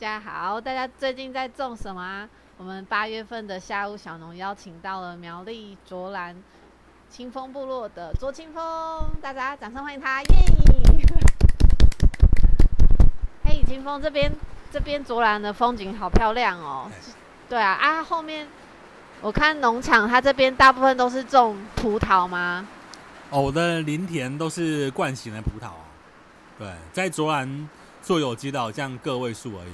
大家好，大家最近在種什麼、啊？我們八月份的下午小農邀請到了苗栗卓蘭青楓部落的卓青楓，大家掌聲歡迎他！耶！ 嘿，青楓這邊，這邊卓蘭的風景好漂亮哦、喔。對啊，啊，後面我看農場，它這邊大部分都是種葡萄嗎？哦，我的鄰田都是慣行的葡萄、啊、對，在卓蘭。做有機這樣個位數而已，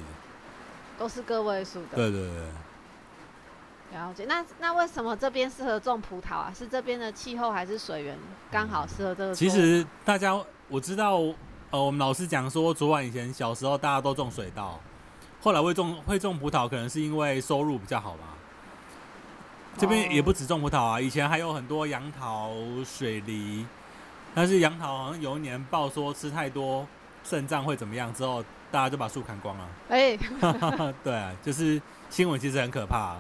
都是個位數的。對，對對對，了解。那那為什麼這邊適合種葡萄啊？是這邊的氣候還是水源剛、嗯、好適合這個？其實大家我知道，呃，我們老師講說，昨晚以前小時候大家都種水稻，後來會種會種葡萄，可能是因為收入比較好吧。這邊也不止種葡萄啊，以前還有很多楊桃、水梨，但是楊桃好像有一年報說吃太多，腎臟會怎麼樣？之後大家就把樹砍光了。哎、欸， 對啊，就是新聞其實很可怕。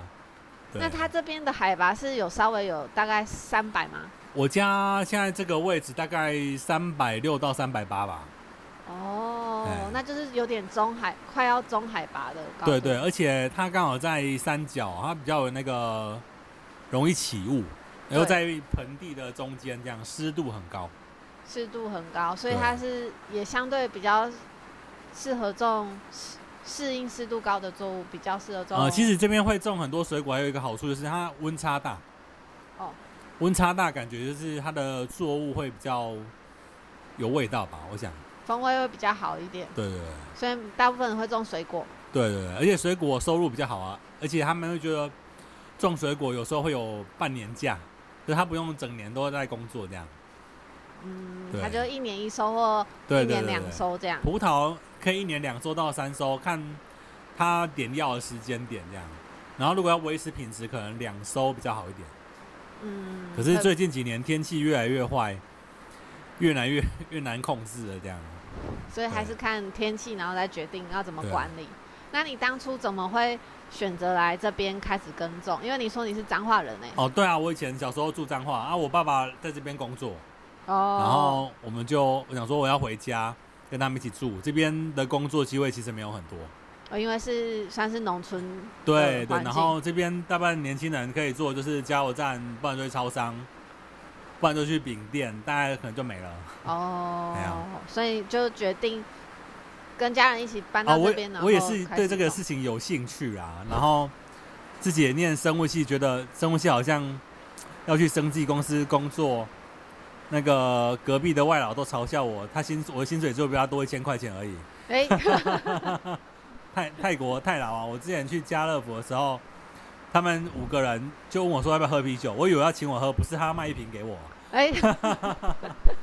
那它這邊的海拔是有稍微有大概三百嗎？我家現在這個位置大概三百六到三百八吧。哦、oh，那就是有點中海，快要中海拔的高。對，對對，而且它剛好在山腳，它比較有那個容易起霧，然後在盆地的中間，這樣濕度很高。濕度很高，所以它是也相對比較適合種適，適應濕度高的作物，比較適合種、嗯。其實這邊會種很多水果，還有一個好處就是它溫差大。哦。溫差大，感覺就是它的作物會比較有味道吧？我想。風味會比較好一點。對，對對對。所以大部分人會種水果。對對對，而且水果收入比較好啊，而且他們會覺得種水果有時候會有半年假，就他不用整年都在工作這樣。嗯，他就一年一收或一年兩收這樣對對對對。葡萄可以一年兩收到三收，看他點藥的時間點這樣。然後如果要維持品質，可能兩收比較好一點。嗯，可是最近幾年天氣越來越壞，越來越越難控制了這樣。所以還是看天氣，然後再決定要怎麼管理。那你當初怎麼會選擇來這邊開始耕種？因為你說你是彰化人？哎、欸。哦，對啊，我以前小時候住彰化啊，我爸爸在這邊工作。Oh, 然後我們就我想說我要回家跟他們一起住。這邊的工作機會其實沒有很多，哦，因為是算是農村，對對，然後這邊大半年輕人可以做就是加油站，不然就去超商，不然就去餅店，大概可能就沒了。哦、oh, 啊，所以就決定跟家人一起搬到這邊來，啊。我也是對這個事情有興趣啊，然後自己也念生物系，覺得生物系好像要去生技公司工作。那個隔壁的外勞都嘲笑我，他薪我的薪水只有比他多一千塊錢而已。 泰、泰國泰勞啊，我之前去家樂福的時候，他們五個人就問我說要不要喝啤酒，我以為要請我喝，不是他要賣一瓶給我。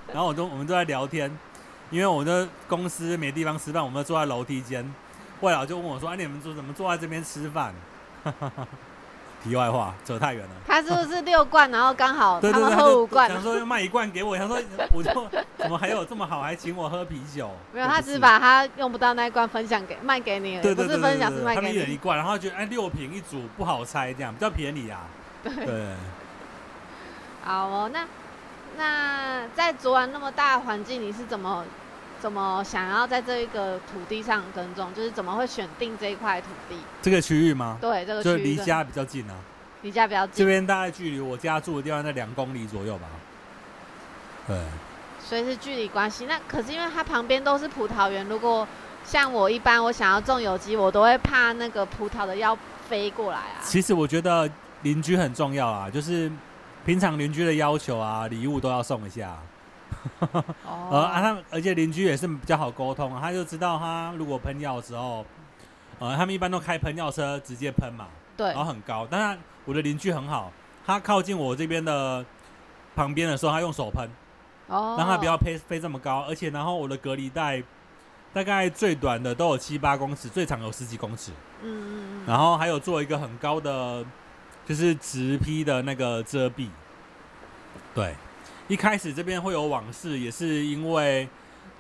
然後我都我們都在聊天，因為我們的公司沒地方吃飯，我們就坐在樓梯間。外勞就問我說：“哎，你們坐怎麼坐在這邊吃飯？” 題外話，走太遠了。他是不是六罐？ 然後剛好他們喝五罐。對對對對，他想說要賣一罐給我， 想說我就怎麼還有這麼好，還請我喝啤酒。 沒有，他只是把他用不到那一罐分享給賣給你了。對對對。不是分享，是賣給你。他們一人一罐，然後覺得哎，六瓶一組不好拆，這樣比較便宜啊。對。對，好哦，那那在昨晚那麼大的環境，你是怎麼？怎麼想要在這一個土地上耕種，就是怎麼會選定這一塊土地？這個區域嗎？對，這個區域就離家比較近啊，離家比較近。這邊大概距離我家住的地方在兩公里左右吧。對、嗯，所以是距離關係。那可是因為它旁邊都是葡萄園，如果像我一般，我想要種有機，我都會怕那個葡萄的藥飛過來啊。其實我覺得鄰居很重要啊，就是平常鄰居的要求啊，禮物都要送一下。哦、 oh. 啊，他而且鄰居也是比較好溝通，他就知道他如果噴藥的時候，呃，他們一般都開噴藥車直接噴嘛，對，然後很高。但是我的鄰居很好，他靠近我這邊的旁邊的時候，他用手噴，哦、oh.，讓他不要飛飛這麼高。而且，然後我的隔離帶大概最短的都有七八公尺，最長有十幾公尺，嗯嗯，然後還有做一個很高的，就是直批的那個遮蔽，對。一開始這邊會有網室，也是因為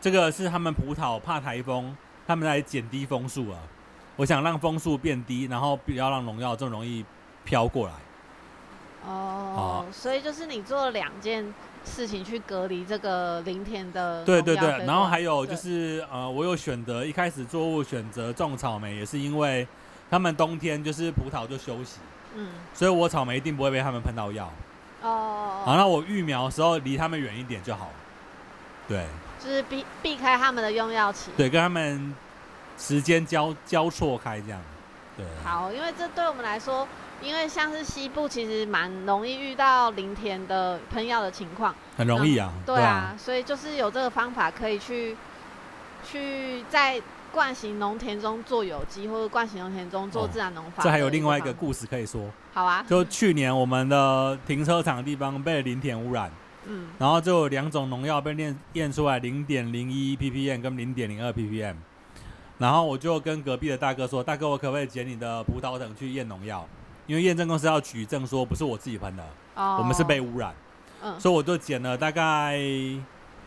這個是他們葡萄怕台風，他們來減低風速啊。我想讓風速變低，然後不要讓農藥這麼容易飄過來。哦、啊，所以就是你做了兩件事情去隔離這個鄰田的。對對對，然後還有就是呃，我有選擇一開始作物選擇種草莓，也是因為他們冬天就是葡萄就休息，嗯，所以我草莓一定不會被他們噴到藥。哦，好，啊，那我育苗的時候離他們遠一點就好了。對，就是避避開他們的用藥期。對，跟他們時間交交錯開這樣。對。好，因為這對我們來說，因為像是西部其實蠻容易遇到鄰田的噴藥的情況。很容易啊、嗯、啊。對啊，所以就是有這個方法可以去去在慣行農田中做有機，或者慣行農田中做自然農法、法，哦。這還有另外一個故事可以說。好啊，就去年我們的停車場的地方被鄰田污染，嗯，然後就有兩種農藥被驗驗出來，零點零一 ppm 跟零點零二 ppm，然後我就跟隔壁的大哥說，大哥，我可不可以剪你的葡萄藤去驗農藥？因為驗證公司要取證說不是我自己噴的，哦，我們是被污染，嗯，所以我就剪了大概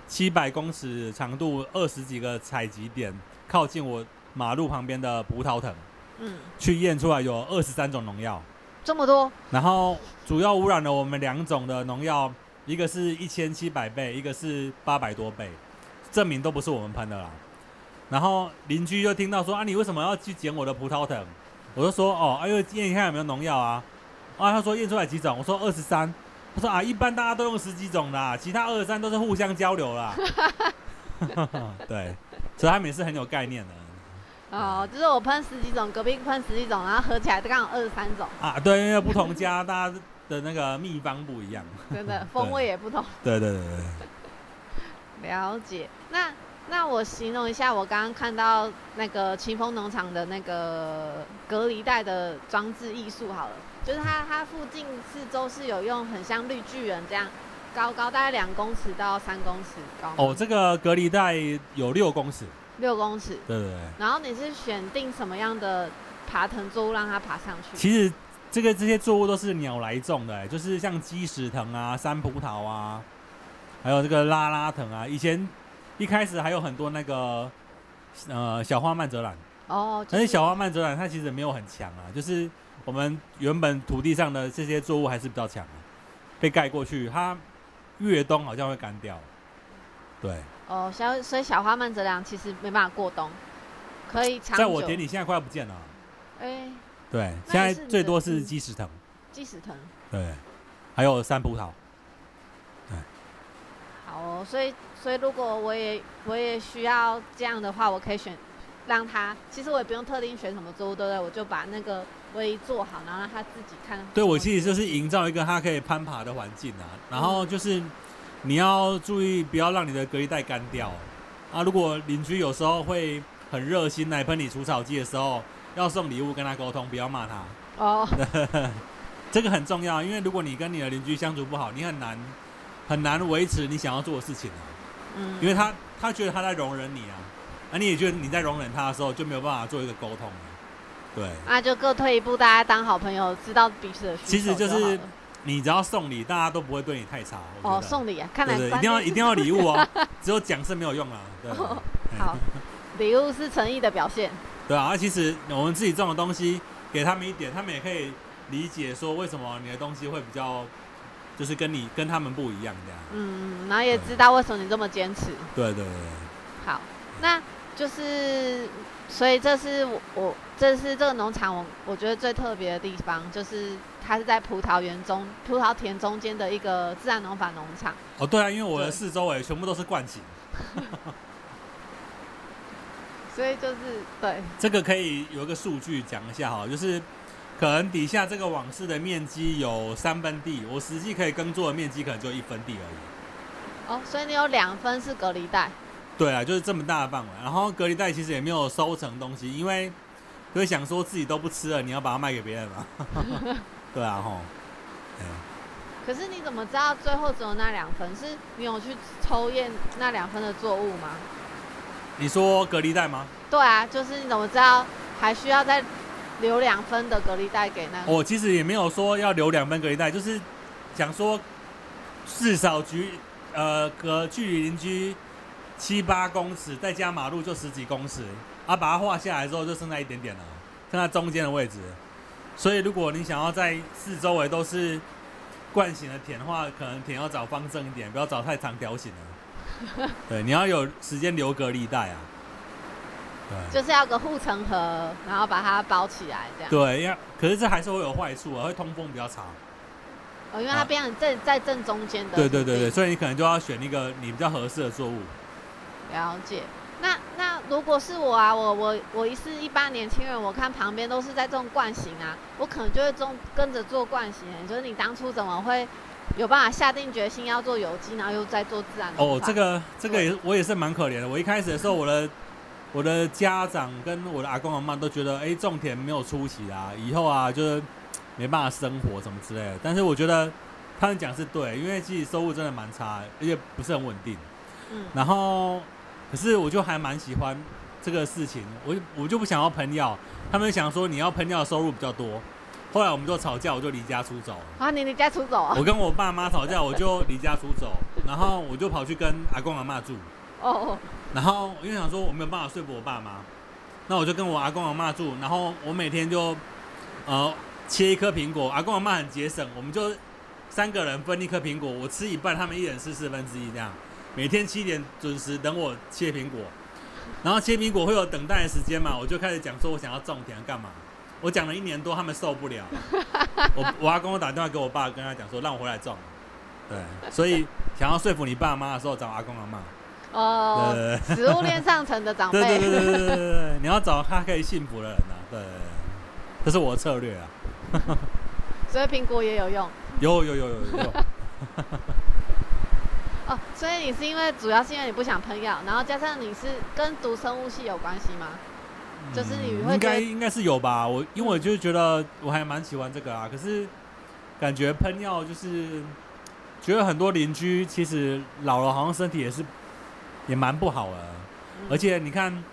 七百公尺長度二十幾個採集點，靠近我馬路旁邊的葡萄藤，嗯，去驗出來有二十三種農藥。這麼多，然後主要污染了我們兩種的農藥，一個是一千七百倍，一個是八百多倍，證明都不是我們噴的啦。然後鄰居就聽到說啊，你為什麼要去撿我的葡萄藤？我就說哦，哎喲，驗一下有沒有農藥啊，啊他說驗出來幾種，我說二十三，他說啊一般大家都用十幾種啦、啊，其他二十三都是互相交流啦、啊。哈哈哈，對，所以他們也是很有概念的。哦，就是我噴十幾種，隔壁噴十幾種，然後合起來就剛好二十三種啊。對，因為不同家，大家的那個秘方不一樣， 真的風味也不同。對對對，對，對，對 了解。那那我形容一下，我剛剛看到那個青楓農場的那個隔離帶的裝置藝術好了，就是它它附近四周是有用很像綠巨人這樣高高，大概兩公尺到三公尺高。哦，這個隔離帶有六公尺。六公尺，對對對。然後你是選定什麼樣的爬藤作物讓它爬上去？其實這個這些作物都是鳥來種的，欸，就是像雞屎藤啊、山葡萄啊，還有這個拉拉藤啊。以前一開始還有很多那個呃小花蔓澤蘭哦，但是小花蔓澤蘭它其實沒有很強啊，就是我們原本土地上的這些作物還是比較強啊，被蓋過去，它越冬好像會乾掉，對。哦、oh,，小所以小花蔓澤蘭其實沒辦法過冬，可以長在我點，你現在快要不見了。哎、欸。對，現在最多是雞屎藤。雞屎藤。對。還有山葡萄。對。好哦，所以所以如果我也我也需要這樣的話，我可以選，讓他。其實我也不用特定選什麼植物，對不對？我就把那個圍籬做好，然後讓他自己看。對，我其實就是營造一個他可以攀爬的環境啊，然後就是。嗯你要注意，不要讓你的隔離帶乾掉。哦。啊，如果鄰居有時候會很熱心來噴你除草劑的時候，要送禮物跟他溝通，不要罵他。哦、oh. 這個很重要，因為如果你跟你的鄰居相處不好，你很難很難維持你想要做的事情啊。嗯，因為他他覺得他在容忍你啊，那、啊、你也覺得你在容忍他的時候就沒有辦法做一個溝通了、啊。對，那、啊、就各退一步，大家當好朋友，知道彼此的需求。其實就是。你只要送禮，大家都不會對你太差。哦，送禮啊！看來，對對對，一定要一定要禮物哦。 只有講是沒有用啊，對，哦。好，禮 物是誠意的表現。對啊，其實我們自己種的東西，給他們一點，他們也可以理解說為什麼你的東西會比較，就是跟你跟他們不一樣這樣。嗯，然後也知道為什麼你這麼堅持。對，對對對。好，那就是。所以這是我，我，這是這個農場我，我我覺得最特別的地方就是它是在葡萄園中，葡萄田中間的一個自然農法農場。哦，對啊，因為我的四周圍全部都是灌木。 所以就是對。這個可以有一個數據講一下哈，就是可能底下這個網室的面積有三分地，我實際可以耕作的面積可能就一分地而已。哦，所以你有兩分是隔離帶。對啊，就是這麼大的範圍，然後隔離帶其實也沒有收成東西，因為所以想說自己都不吃了，你要把它賣給別人嘛。 對啊，吼啊。可是你怎麼知道最後只有那兩分？是你有去抽驗那兩分的作物嗎？你說隔離帶嗎？對啊，就是你怎麼知道還需要再留兩分的隔離帶給那個？我、哦、其實也沒有說要留兩分隔離帶，就是想說至少距呃隔距離鄰居。七八公尺，再加馬路就十幾公尺啊！把它畫下來之後，就剩下一點點了，剩下中間的位置。所以，如果你想要在四周圍都是慣行的田的話，可能田要找方正一點，不要找太長條形的。 對，你要有時間留隔離帶啊。對，就是要個護城河，然後把它包起來這樣。對，因為可是這還是會有壞處啊，會通風比較差。哦，因為它邊像正，在正中間的。對對對對、嗯，所以你可能就要選一個你比較合適的作物。了解，那那如果是我啊，我我我是一,一般年輕人，我看旁邊都是在種慣行啊，我可能就會種跟着做慣行、欸。就是你當初怎麼會有辦法下定決心要做有機，然後又在做自然的？哦，這個這個也我也是蠻可憐的。我一開始的時候，我的、嗯、我的家長跟我的阿公阿嬤都覺得，哎、欸，種田沒有出息啊，以後啊就是沒辦法生活什麼之類的。但是我覺得他們講是對，因為自己收入真的蠻差的，而且不是很穩定。嗯，然後。可是我就還蠻喜歡這個事情，我我就不想要噴藥。他們想說你要噴藥收入比較多。後來我們就吵架，我就離家出走。啊，你離家出走啊？我跟我爸媽吵架，我就離家出走， 然後我就跑去跟阿公阿嬤住。哦、oh.。然後因為想說我沒有辦法說服我爸媽，那我就跟我阿公阿嬤住，然後我每天就呃切一顆蘋果。阿公阿嬤很節省，我們就三個人分一顆蘋果，我吃一半，他們一人吃四分之一這樣。每天七點準時等我切蘋果，然後切蘋果會有等待的時間嘛？我就開始講說，我想要種田幹嘛？我講了一年多，他們受不了。我我阿公我打電話給我爸，跟他講說，讓我回來種。對，所以想要說服你爸媽的時候，找阿公阿媽。哦。對，食物鏈上層的長輩。對對對對對，你要找他可以信服的人吶、啊。對，對，這是我的策略啊。所以蘋果也有用。有有有有有，有。 哦，所以你是因為主要是因為你不想噴藥，然後加上你是跟讀生物系有關係嗎、嗯？就是你會覺得，應該應該是有吧。我因為我就覺得我還蠻喜歡這個啊，可是感覺噴藥就是覺得很多鄰居其實老了好像身體也是也蠻不好的、嗯，而且你看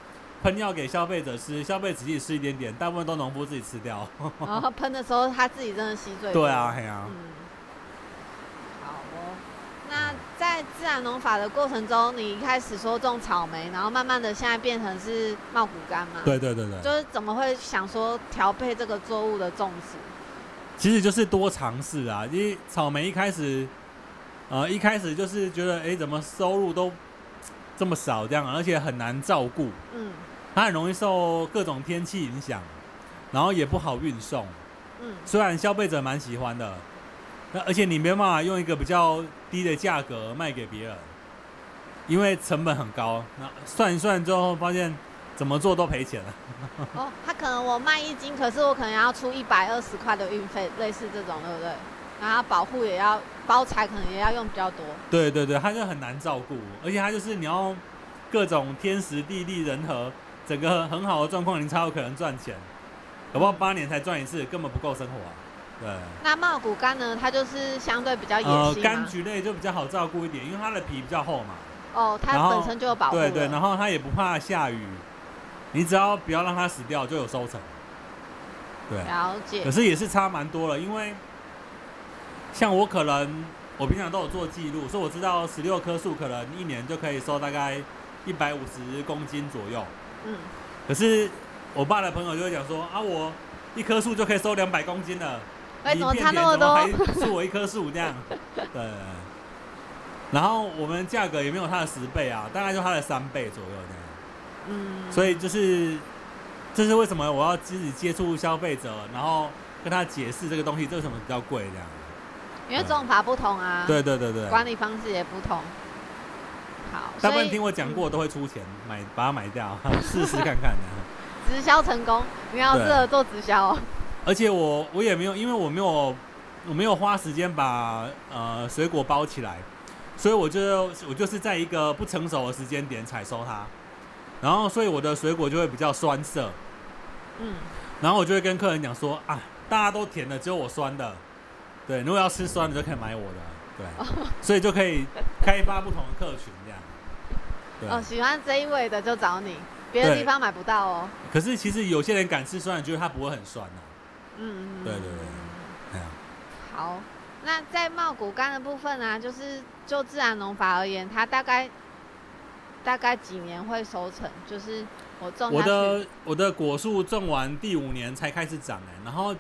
噴藥給消費者吃，消費者自己吃一點點，大部分都農夫自己吃掉。然後噴的時候他自己真的吸最多。對啊，對啊。嗯在自然農法的過程中，你一開始說種草莓，然後慢慢的現在變成是茂谷柑嘛？對對對對，就是怎麼會想說調配這個作物的種植？其實就是多嘗試啊！因為草莓一開始，呃，一開始就是覺得，哎、欸，怎麼收入都這麼少這樣，而且很難照顧，嗯，它很容易受各種天氣影響，然後也不好運送，嗯，雖然消費者蠻喜歡的。那而且你沒辦法用一個比較低的價格賣給別人，因為成本很高。那算一算之後發現怎麼做都賠錢了。哦，他可能我賣一斤，可是我可能要出一百二十塊的運費，類似這種，對不對？然後保護也要包材，可能也要用比較多。對對對，他就很難照顧，而且他就是你要各種天時地利人和，整個很好的狀況，你才有可能賺錢。搞不好八年才賺一次，根本不夠生活啊。對。那茂谷柑呢？它就是相對比較野性，柑橘類就比較好照顧一點，因為它的皮比較厚嘛。哦，它本身就有保護。對，對對，然後它也不怕下雨，你只要不要讓它死掉，就有收成。對。了解。可是也是差蠻多了，因為像我可能我平常都有做記錄，所以我知道十六棵樹可能一年就可以收大概一百五十公斤左右。嗯。可是我爸的朋友就會講說啊，我一棵樹就可以收兩百公斤了。為什麼差那麼多？是我一棵樹這樣，對。然後我們價格也沒有它的十倍啊，大概就它的三倍左右這樣。嗯。所以就是，這是為什麼我要自己接觸消費者，然後跟他解釋這個東西這個什麼比較貴這樣。因為種法不同啊。對對對對。管理方式也不同。好，大部分聽我講過都會出錢買把它買掉，試試看看啊。直銷成功，你要適合做直銷哦。而且我我也沒有，因為我沒有我沒有花時間把呃水果包起來，所以我就我就是在一個不成熟的時間點採收它，然後所以我的水果就會比較酸澀，嗯，然後我就會跟客人講說啊，大家都甜的,只有我酸的，對，如果要吃酸的就可以買我的，對，所以就可以開發不同的客群這樣，對，哦，喜歡這一味的就找你，別的地方買不到哦。可是其實有些人敢吃酸的，覺得它不會很酸的嗯，對對對、嗯嗯嗯嗯，好。那在茂谷柑的部分呢、啊，就是就自然農法而言，它大概大概幾年會收成？就是我種我的我的果樹種完第五年才開始長哎、欸，然後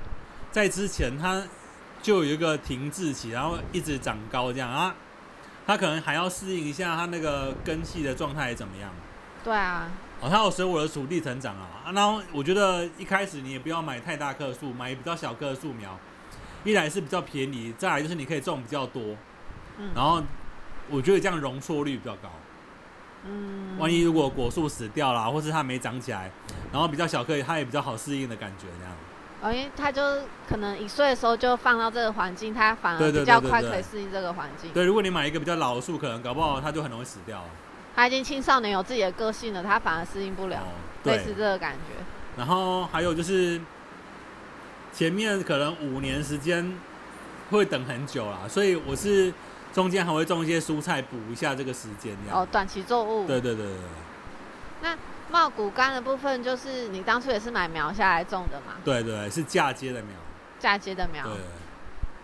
在之前它就有一個停滯期，然後一直長高這樣啊。它可能還要適應一下它那個根系的狀態怎麼樣？對啊。哦，它有隨我的土地成長啊，啊。然後我覺得一開始你也不要買太大棵樹，買比較小棵的樹苗，一來是比較便宜，再來就是你可以種比較多。嗯。然後我覺得這樣容錯率比較高。嗯。萬一如果果樹死掉了，或是它沒長起來，然後比較小棵，它也比較好適應的感覺這樣。哦，因為它就可能一歲的時候就放到這個環境，它反而比較快可以適應這個環境。對對對對對。對，如果你買一個比較老的樹，可能搞不好它就很容易死掉了。他已經青少年，有自己的個性了，他反而適應不了，哦、對，是這個感覺。然後還有就是，前面可能五年時間會等很久啦，所以我是中間還會種一些蔬菜補一下這個時間。哦，短期作物。對對對對。那茂谷柑的部分，就是你當初也是買苗下來種的嘛？對對，是嫁接的苗。嫁接的苗。對。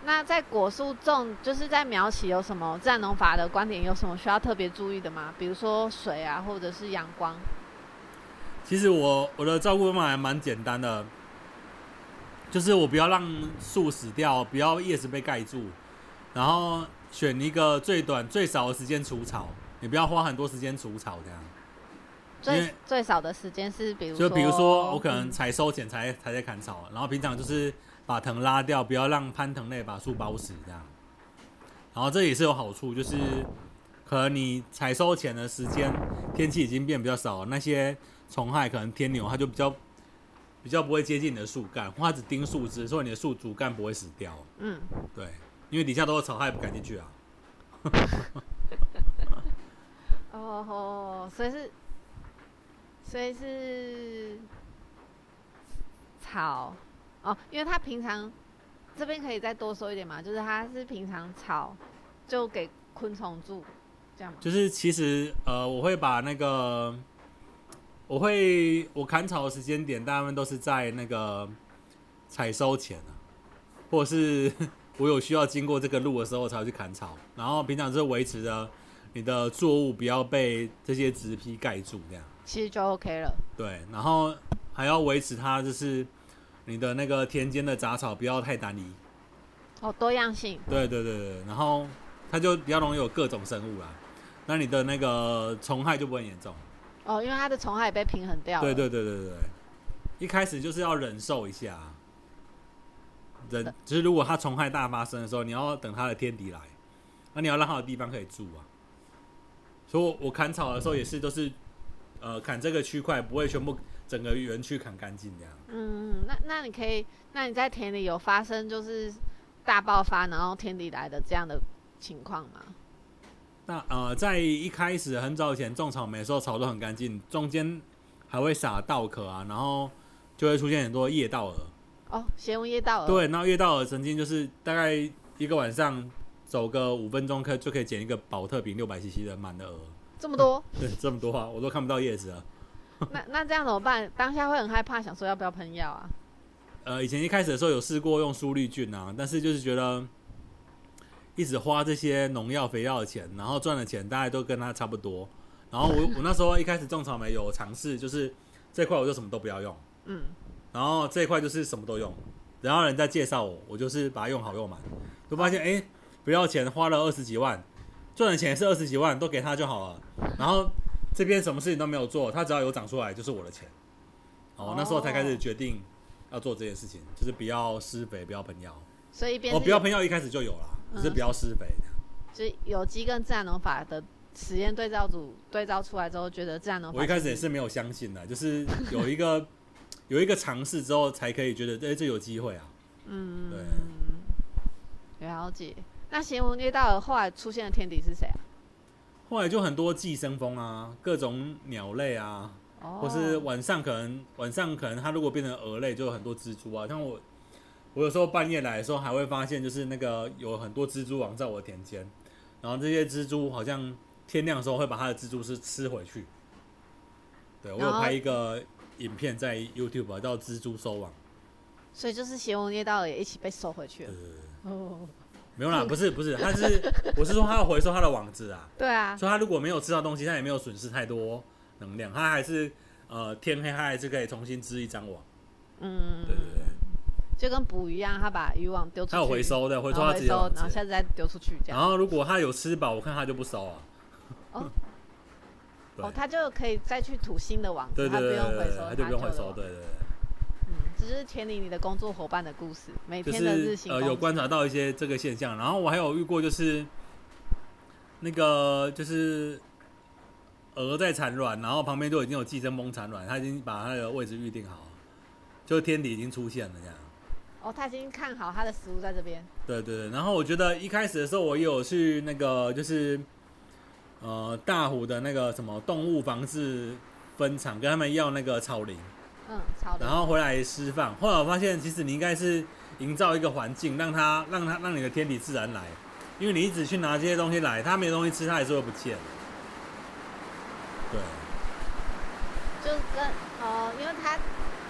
那在果樹種，就是在苗期有什麼自然農法的觀點？有什麼需要特別注意的嗎？比如說水啊，或者是陽光？其實我我的照顧方法還蠻簡單的，就是我不要讓樹死掉，不要葉子被蓋住，然後選一個最短最少的時間除草，也不要花很多時間除草，這樣。最最少的時間是比如說就比如說我可能採收前才、嗯、才在砍草，然後平常就是。把藤拉掉，不要讓攀藤類把樹包死，這樣。然後這也是有好處，就是可能你採收前的時間，天氣已經變比較少了，那些蟲害可能天牛它就比較比較不會接近你的樹幹，或它只盯樹枝，所以你的樹主幹不會死掉。嗯，對，因為底下都有草，它也不敢進去啊。 哦，所以是，所以是草。哦，因為他平常這邊可以再多說一點嘛，就是他是平常草就給昆蟲住這樣。就是其實呃，我會把那個我會我砍草的時間點，大部分都是在那個採收前了，或者是我有需要經過這個路的時候才會去砍草。然後平常就是維持着你的作物不要被這些植皮蓋住這樣。其實就 OK 了。對，然後還要維持它就是。你的那個田間的雜草不要太單一，哦，多樣性。對對對對，然後它就比較容易有各種生物啊，那你的那個蟲害就不會嚴重。哦，因為它的蟲害被平衡掉了。對對對對對，對，一開始就是要忍受一下，人，就是如果它蟲害大發生的時候，你要等它的天敵來，那你要讓它的地方可以住啊。所以我砍草的時候也是，都是呃砍這個區塊，不會全部。整個園區砍乾淨這樣。嗯，那那你可以，那你在田裡有發生就是大爆發，然後天敵來的這樣的情況嗎？那呃，在一開始很早以前種草莓的時候，草都很乾淨，中間還會撒稻殼啊，然後就會出現很多夜盜蛾。哦，斜紋夜盜蛾。對，那夜盜蛾曾經就是大概一個晚上走個五分鐘，可就可以撿一個寶特瓶六百 CC 的滿的蛾。這麼多。嗯？對，這麼多啊，我都看不到葉子啊。 那那這樣怎麼辦？當下會很害怕，想說要不要噴藥啊？呃，以前一開始的時候有試過用蘇力菌啊，但是就是覺得一直花這些農藥肥料的錢，然後賺的錢大概都跟他差不多。然後我我那時候一開始種草莓有嘗試，就是這塊我就什麼都不要用，嗯，然後這一塊就是什麼都用。然後人家介紹我，我就是把它用好用滿，都發現哎、欸、不要錢，花了二十幾萬，賺的錢是二十幾萬，都給他就好了。然後。這邊什麼事情都沒有做，它只要有長出來就是我的錢。哦，oh. 那時候才開始決定要做這件事情，就是不要施肥，不要噴藥。所以一邊我、哦、不要噴藥一開始就有了，嗯、只是不要施肥。就是有機跟自然農法的實驗對照組對照出來之後，覺得自然農法。我一開始也是沒有相信的，就是有一個 有一個嘗試之後才可以覺得，哎、欸，這有機會啊。嗯。對。了解。那行，文，業到的後來出現的天敵是誰啊？後來就很多寄生蜂啊，各種鳥類啊，oh. 或是晚上可能晚上可能它如果變成蛾類，就有很多蜘蛛啊。像我，我有時候半夜來的時候，還會發現就是那個有很多蜘蛛網在我的田間，然後這些蜘蛛好像天亮的時候會把它的蜘蛛絲吃回去。對，我有拍一個影片在 YouTube 啊，叫《蜘蛛收網》，所以就是邪王捏到也一起被收回去了。對對對 oh. 沒有啦，不是不是， 他是我是說他要回收他的網子啊。對啊。所以他如果沒有吃到東西，他也沒有損失太多能量，他還是呃，天黑，他還是可以重新織一張網。嗯嗯嗯。對對對。就跟捕魚一樣，他把漁網丟出去。他有回收的，回收他自己收。然後下次再丟出去這樣。然後如果他有吃飽，我看他就不收啊。哦。 哦，他就可以再去吐新的網子。對對對對對。他，不他，他就不用回收，對，對對對。只是田裡你的工作夥伴的故事，每天的日行、就是。呃，有觀察到一些這個現象，然後我還有遇過、就是那個，就是那個就是鵝在產卵，然後旁邊就已經有寄生蜂產卵，它已經把它的位置預定好，就天敵已經出現了這樣。哦，它已經看好它的食物在這邊。對對對，然後我覺得一開始的時候，我也有去那個就是呃大湖的那個什麼動物防治分場，跟他們要那個草蛉嗯，然後回來釋放。後來我發現，其實你應該是營造一個環境，讓它讓它讓你的天敵自然來，因為你一直去拿這些東西來，它沒東西吃，它還是會不見。對。就跟哦、呃，因為它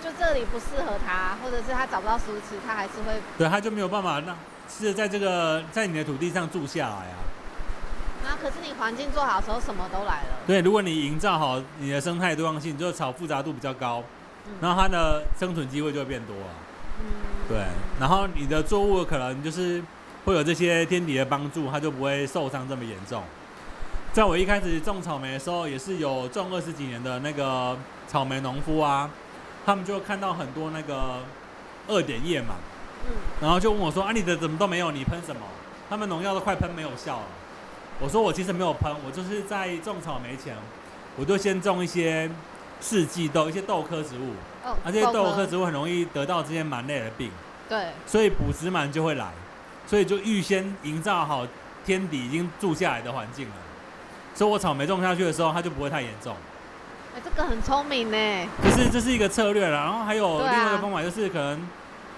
就這裡不適合它，或者是它找不到食物吃，它還是會。對，它就沒有辦法那是在這個在你的土地上住下來啊。那、啊、可是你環境做好的時候，什麼都來了。對，如果你營造好你的生態多樣性，就是草複雜度比較高。然後它的生存機會就會變多了，對。然後你的作物可能就是會有這些天敵的幫助，它就不會受傷這麼嚴重。在我一開始種草莓的時候，也是有種二十幾年的那個草莓農夫啊，他們就看到很多那個二點葉蟎，然後就問我說：“啊，你的怎麼都沒有？你噴什麼？”他們農藥都快噴沒有效了。我說：“我其實沒有噴，我就是在種草莓前，我就先種一些。”四季豆一些豆科植物，那、哦啊、這些豆科，豆科植物很容易得到這些蟎類的病，對，所以捕食蟎就會來，所以就預先營造好天敵已經住下來的環境了，所以我草莓種下去的時候，它就不會太嚴重。哎、欸，這個很聰明呢、欸，可是這是一個策略啦。然後還有另外一個方法，就是可能，啊、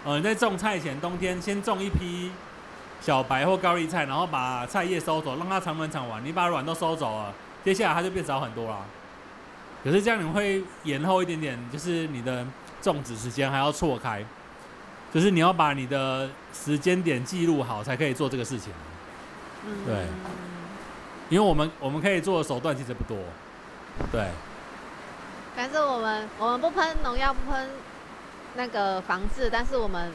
呃，你在種菜前冬天先種一批小白或高麗菜，然後把菜葉收走，讓它長滿長完，你把卵都收走了，接下來它就變少很多啦。可是這樣你們會延後一點點，就是你的種植時間還要錯開，就是你要把你的時間點記錄好，才可以做這個事情。嗯，對，因為我們我們可以做的手段其實不多。對對對對，對、就是啊。但是我們我們不噴農藥，不噴那個防治，但是我們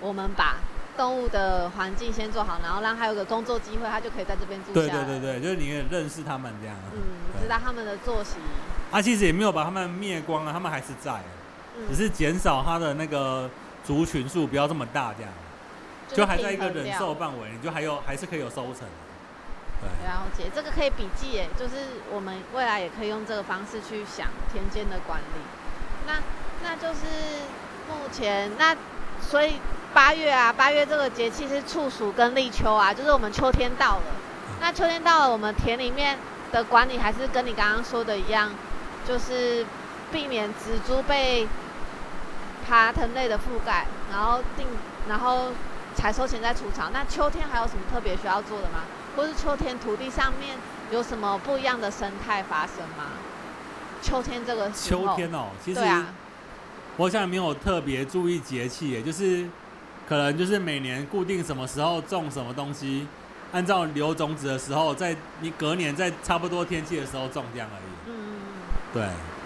我們把動物的環境先做好，然後讓它有個工作機會，它就可以在這邊住下來。對對對對，就是你可以認識他們這樣、啊。嗯，你知道他們的作息。啊，其實也沒有把他們滅光啊，他們還是在、嗯，只是減少他的那個族群數，不要這麼大這樣，就還在一個忍受範圍，你就還有、嗯、還是可以有收成、啊。對，了解，這個可以筆記誒、欸，就是我們未來也可以用這個方式去想田間的管理。那那就是目前那所以八月啊，八月這個節氣是處暑跟立秋啊，就是我們秋天到了。那秋天到了，我們田裡面的管理還是跟你剛剛說的一樣。就是避免植株被爬藤類的覆蓋，然後定，然後採收前再除草。那秋天還有什麼特別需要做的嗎？或是秋天土地上面有什麼不一樣的生態發生嗎？秋天這個時候，秋天哦，其實對啊，我好像沒有特別注意節氣，也就是可能就是每年固定什麼時候種什麼東西，按照留種子的時候，在你隔年在差不多天氣的時候種這樣而已。嗯。對，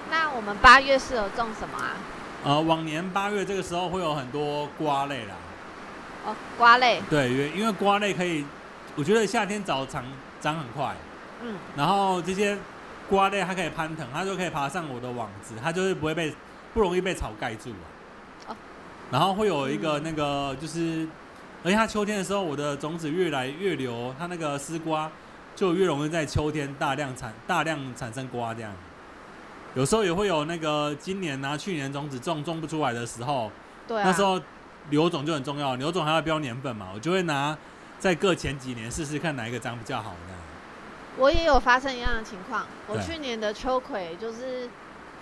那我們八月適合種什麼啊？呃，往年八月這個時候會有很多瓜類啦。哦，瓜類。對，因為因為瓜類可以，我覺得夏天早長長長很快。嗯。然後這些瓜類它可以攀藤，它就可以爬上我的網子，它就是不會被不容易被草蓋住啊。哦。然後會有一個那個就是，嗯。而且它秋天的時候，我的種子越來越流，它那個絲瓜就越容易在秋天大量產大量產生瓜這樣。有時候也會有那個今年啊、去年種子種種不出來的時候，對啊，那時候留種就很重要。留種還要標年份嘛，我就會拿再各前幾年試試看哪一個長比較好的。我也有發生一樣的情況，我去年的秋葵就是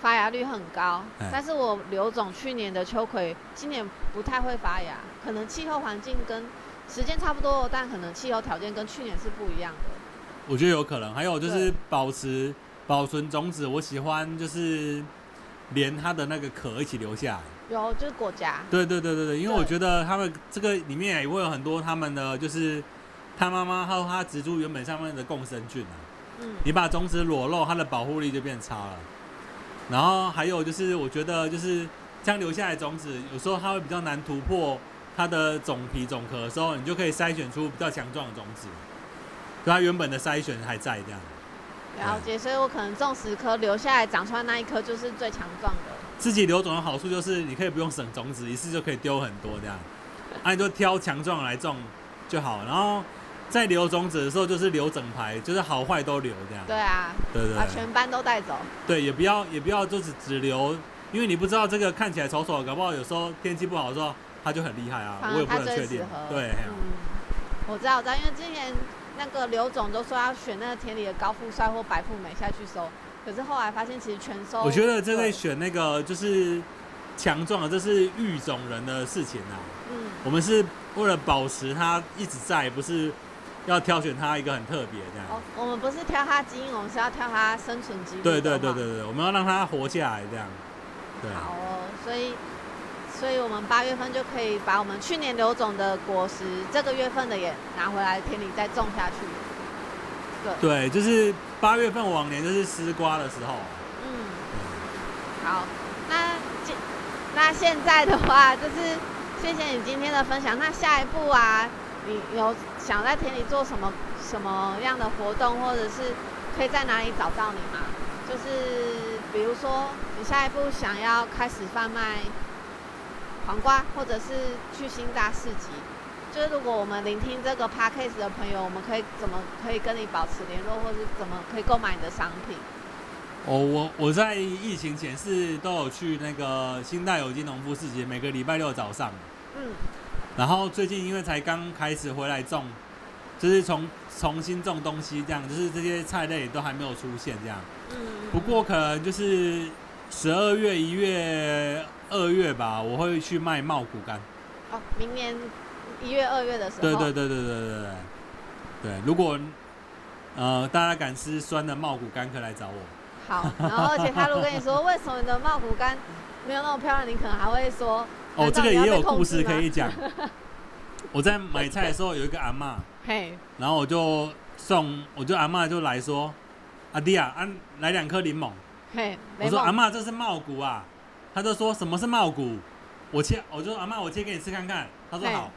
發芽率很高，但是我留種去年的秋葵今年不太會發芽，可能氣候環境跟時間差不多，但可能氣候條件跟去年是不一樣的。我覺得有可能。還有就是保持。保存種子，我喜歡就是連它的那個殼一起留下。有，就是果莢。對對對對對，對，因為我覺得它們這個裡面也會有很多它們的，就是它媽媽和它植株原本上面的共生菌啊。嗯。你把種子裸露，它的保護力就變差了。然後還有就是，我覺得就是這樣留下來的種子，有時候它會比較難突破它的種皮、種殼的時候，你就可以篩選出比較強壯的種子，就它原本的篩選還在這樣。了解，所以我可能種十棵，留下來長出來那一棵就是最強壯的。自己留種的好處就是，你可以不用省種子，一次就可以丟很多這樣，按 照、啊、你就挑強壯來種就好。然後再留種子的時候，就是留整排，就是好壞都留這樣。對啊，對對，對，把全班都帶走。對，也不要也不要就是只留，因為你不知道這個看起來醜醜，搞不好有時候天氣不好的時候它就很厲害啊剛剛合，我也不能確定、嗯。對，嗯，我知道，我知道，因為今年。那個劉總都說要選那個田裡的高富帥或白富美下去收，可是後來發現其實全收。我覺得這類選那個就是強壯的，這是育種人的事情啊。嗯，我們是為了保持它一直在，不是要挑選它一個很特別這樣。哦，我們不是挑它基因，我們是要挑它生存基因。對對對對對，我們要讓它活下來這樣。對啊。好哦，所以。所以，我們八月份就可以把我們去年留種的果實，這個月份的也拿回來田裡再種下去。對，對，就是八月份，往年就是絲瓜的時候。嗯，好，那那現在的話，就是謝謝你今天的分享。那下一步啊，你有想在田裡做什麼什麼樣的活動，或者是可以在哪裡找到你嗎？就是比如說，你下一步想要開始販賣。黃瓜，或者是去新大市集。就是如果我們聆聽這個 Podcast 的朋友，我們可以怎麼可以跟你保持聯絡，或是怎麼可以購買你的商品？哦，我我在疫情前是都有去那個新大有機農夫市集，每個禮拜六早上。嗯。然後最近因為才剛開始回來種，就是從重新種東西這樣，就是這些菜類都還沒有出現這樣。嗯，嗯。不過可能就是十二月、一月。二月吧，我會去賣茂谷柑。哦，明年一月、二月的時候。對對對對對對對。如果呃大家敢吃酸的茂谷柑，可以來找我。好，然後而且他如果跟你說 為什麼你的茂谷柑沒有那麼漂亮，你可能還會說。哦，這個也有故事可以講。 我在買菜的時候有一個阿媽，嘿， 然後我就送，我就阿媽就來說，阿弟啊，啊安來兩顆檸檬，嘿，我說阿媽這是茂谷啊。他就說什麼是茂谷，我切，我就說阿媽，我切給你吃看看。他說好，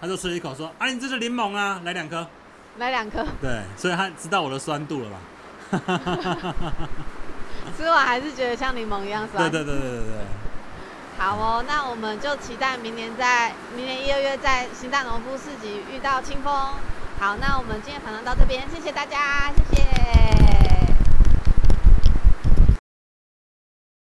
他就吃一口說，說啊，你這是檸檬啊，來兩顆，來兩顆。對，所以他知道我的酸度了吧？ 吃完還是覺得像檸檬一樣酸。對，對對對對對對。好哦，那我們就期待明年在明年一二月在新大農夫市集遇到清風。好，那我們今天訪談到這邊，謝謝大家，謝謝。